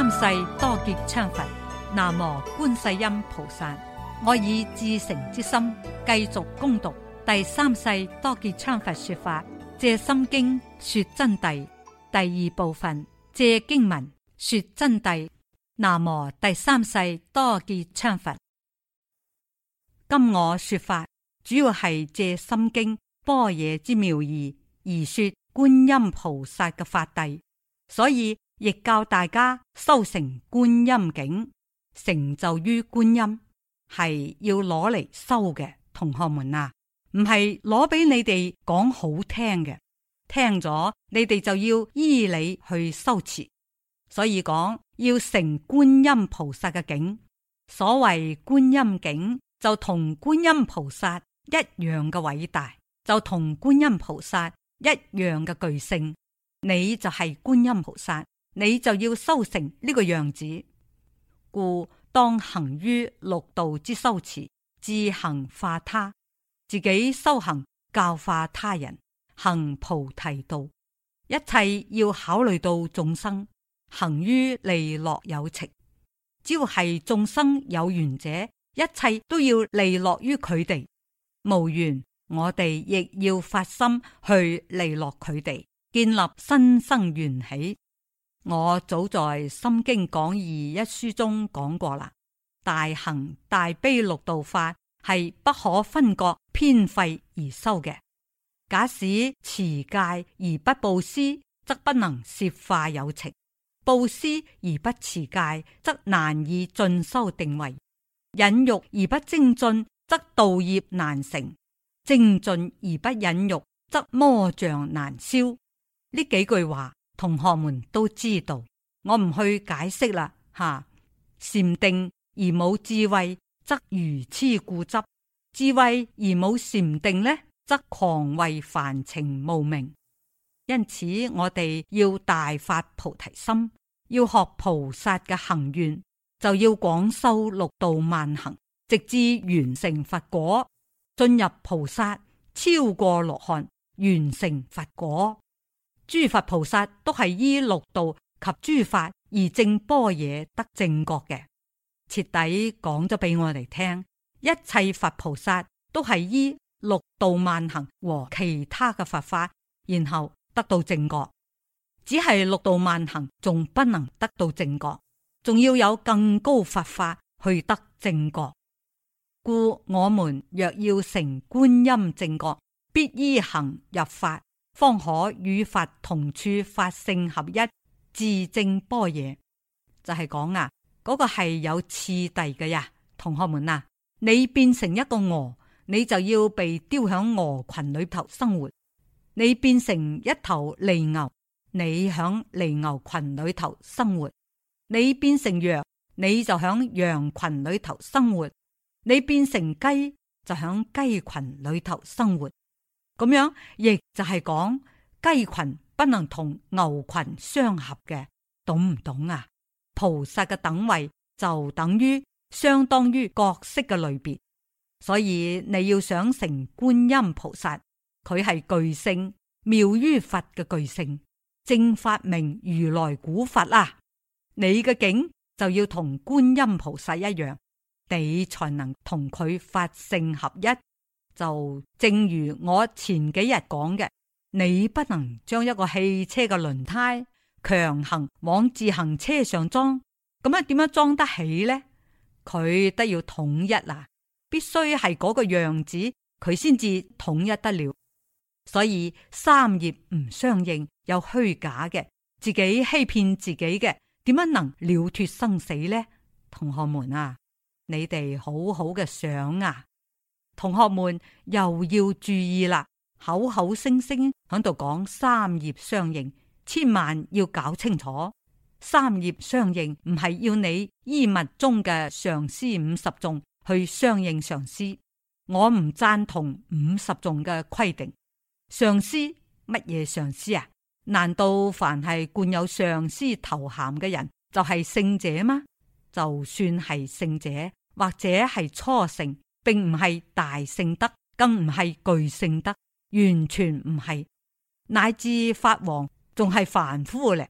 三世多杰羌佛，南無觀世音菩薩。我以至誠之心繼續恭讀第三世多杰羌佛說法，借心經說真諦第二部分，借經文說真諦。南無第三世多杰羌佛。今我說法主要係借心經般若之妙義而說觀音菩薩嘅法諦，所以，亦教大家修成觀音境，成就於觀音，係要攞嚟修嘅。同學們啊，唔係攞俾你哋講好聽嘅，聽咗你哋就要依理去修持。所以講要成觀音菩薩嘅境，所謂觀音境就同觀音菩薩一樣嘅偉大，就同觀音菩薩一樣嘅巨聖，你就係觀音菩薩。你就要修成呢個樣子，故當行於六道之修持，自行化他，自己修行教化他人，行菩提道，一切要考慮到眾生，行於利樂有情，只要係眾生有緣者，一切都要利樂於佢哋。無緣，我哋亦要發心去利樂佢哋，建立新生緣起。我早在《心經講義》一書中講過啦，大行大悲六度法係不可分割、偏廢而修嘅。假使持戒而不布施，則不能攝化有情；布施而不持戒，則難以進修定慧；忍辱而不精進，則道業難成；精進而不忍辱，則魔障難消。呢幾句話。同學們都知道，我唔去解釋啦。哈，禪定而冇智慧，則愚痴固執；智慧而冇禪定呢，則狂為凡情慕名。因此，我哋要大發菩提心，要學菩薩嘅行願，就要廣修六度萬行，直至完成佛果，進入菩薩，超過羅漢，完成佛果。諸佛菩薩都係依六道及諸法而正般若得正覺嘅，徹底講咗俾我哋聽。一切佛菩薩都係依六道萬行和其他嘅佛法，然後得到正覺。只係六道萬行仲不能得到正覺，仲要有更高佛法去得正覺。故我們若要成觀音正覺，必依行入法。方可與法同處，法性合一，自正般若。就係、是、講啊，嗰、那個係有次第嘅呀。同學們啊，你變成一個鵝，你就要被丟響鵝群裏頭生活；你變成一頭犁牛，你響犁牛群裏頭生活；你變成羊，你就響羊群裏頭生活；你變成雞，就響雞群裏頭生活。咁樣，亦就係講，雞群不能同牛群相合嘅，懂唔懂啊？菩薩嘅等位就等於相當於角色嘅類別，所以你要想成觀音菩薩，佢係巨聖妙於佛嘅巨聖正法明如來古佛啊！你嘅境就要同觀音菩薩一樣，你才能同佢法性合一。就正如我前幾日講嘅，你不能將一個汽車嘅輪胎強行往自行車上裝，咁樣點樣裝得起呢？佢都要統一喇，必須係嗰個樣子，佢先至統一得了。所以三業唔相應，有虛假嘅，自己欺騙自己嘅，點樣能了脫生死呢？同學們啊，你哋好好嘅想啊！同學們又要注意啦，口口聲聲喺度講三業相應，千萬要搞清楚。三業相應唔係要你衣物中嘅上師五十眾去相應上師。我唔贊同五十眾嘅規定。上師乜嘢上師啊？難道凡係冠有上師頭銜嘅人就係、是、聖者嗎？就算係聖者或者係初聖。並唔係大聖德，更唔係巨聖德，完全唔係，乃至法王仲係凡夫咧。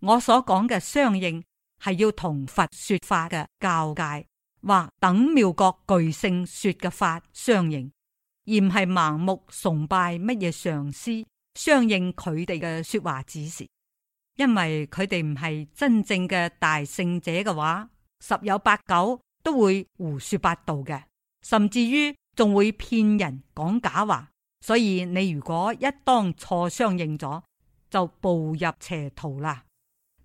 我所講嘅相應係要同佛說法嘅教誡，或等妙覺巨聖說嘅法相應，而唔係盲目崇拜乜嘢上師相應佢哋嘅說話指示，因為佢哋唔係真正嘅大聖者嘅話，十有八九都會胡說八道嘅。甚至於仲會騙人講假話，所以你如果一當錯相應咗，就步入邪途啦。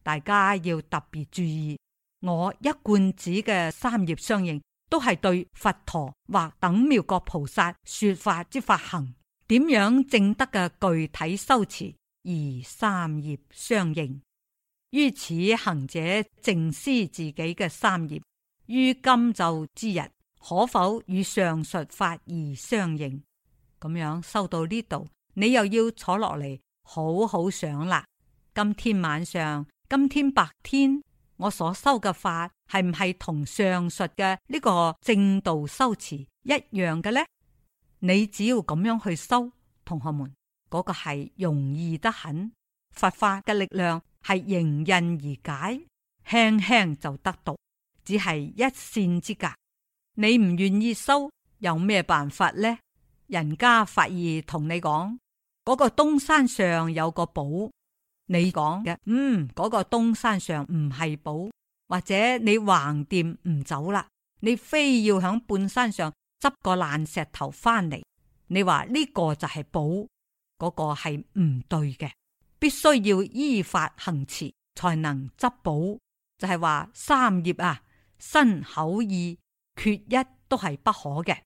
大家要特別注意，我一貫指嘅三業相應，都係對佛陀或等妙覺菩薩說法之法行，點樣證得嘅具體修持而三業相應。於此行者淨思自己嘅三業，於今就之日。可否與上述法而相應？咁樣收到呢度，你又要坐落嚟好好想啦。今天晚上，今天白天，我所修嘅法係唔係同上述嘅呢個正道修持一樣嘅呢？你只要咁樣去修，同學們嗰個係容易得很。佛法嘅力量係迎刃而解，輕輕就得到，只係一線之隔。你唔願意收，有咩辦法呢？人家法義同你講，嗰、那個東山上有個寶。你講嘅，嗯，嗰、那個東山上唔係寶，或者你橫掂唔走啦。你非要響半山上執個爛石頭翻嚟，你話呢個就係寶，嗰、那個係唔對嘅。必須要依法行持，才能執寶。就係、是、話三業啊，身口意。缺一都係不可嘅，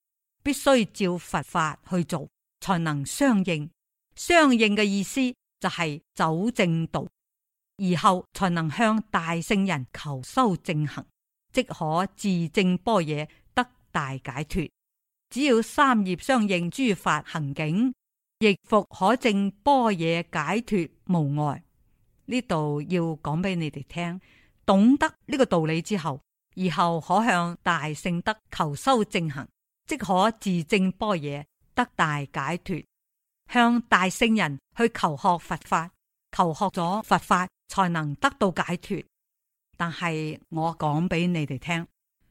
必須照佛法去做，才能相應。相應嘅意思就係走正道，而後才能向大聖人求修正行，即可自證般若，得大解脫。只要三業相應，諸法行境亦復可證般若解脫無礙。呢度要講俾你哋聽，懂得呢個道理之後。而後可向大聖德求修正行，即可自正般若，得大解脱。向大聖人去求學佛法，求學咗佛法，才能得到解脱。但係我講俾你哋聽，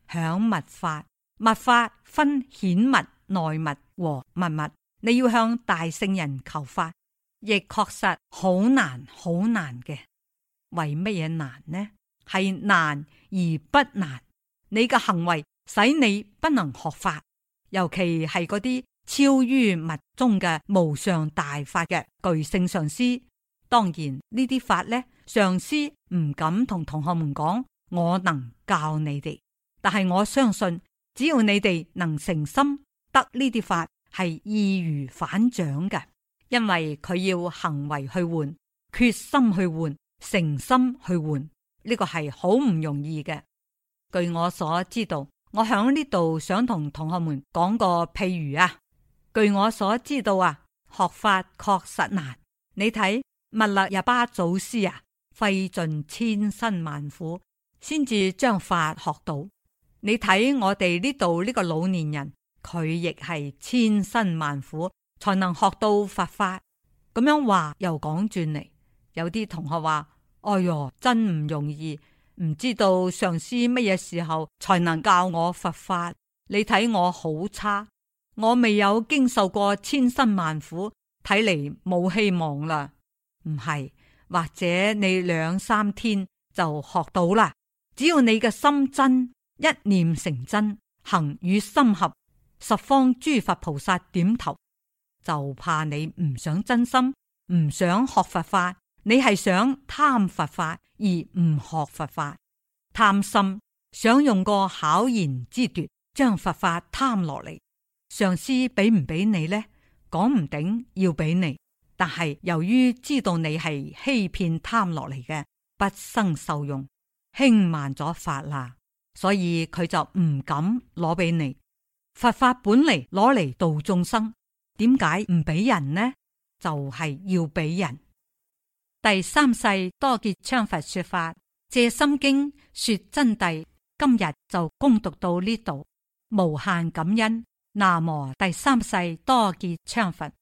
響密法，密法分顯密、內密和密密。你要向大聖人求法，亦確實好難，好難嘅。為乜嘢難呢？係難而不難，你嘅行為使你不能學法，尤其係嗰啲超於物宗嘅無常大法嘅巨聖上師。當然呢啲法呢，上師唔敢同同學們講，我能教你哋。但係我相信，只要你哋能誠心得呢啲法，係易如反掌嘅。因為佢要行為去換，決心去換，誠心去換。呢個係好唔容易嘅。據我所知道，我響呢度想同同學們講個譬如啊。據我所知道啊，學法確實難。你睇密勒日巴祖師啊，費盡千辛萬苦先至將法學到。你睇我哋呢度呢個老年人，佢亦係千辛萬苦才能學到佛法，法。咁樣話又講轉嚟，有啲同學話。哎喲，真唔容易，唔知道上師乜嘢時候才能教我佛法。你睇我好差，我未有經受過千辛萬苦，睇嚟冇希望啦。唔係，或者你兩三天就學到啦。只要你嘅心真，一念成真，行與心合，十方諸佛菩薩點頭。就怕你唔想真心，唔想學佛法。你係想貪佛法而唔學佛法，貪心想用個巧言之奪將佛法貪落嚟，上司俾唔俾你呢？講唔定要俾你，但係由於知道你係欺騙貪落嚟嘅，不生受用，輕慢咗法啦，所以佢就唔敢攞俾你。佛法本嚟攞嚟度眾生，點解唔俾人呢？就係、是、要俾人。第三世多杰羌佛說法，借心經說真諦。今日就恭讀到呢度，無限感恩。南無第三世多杰羌佛。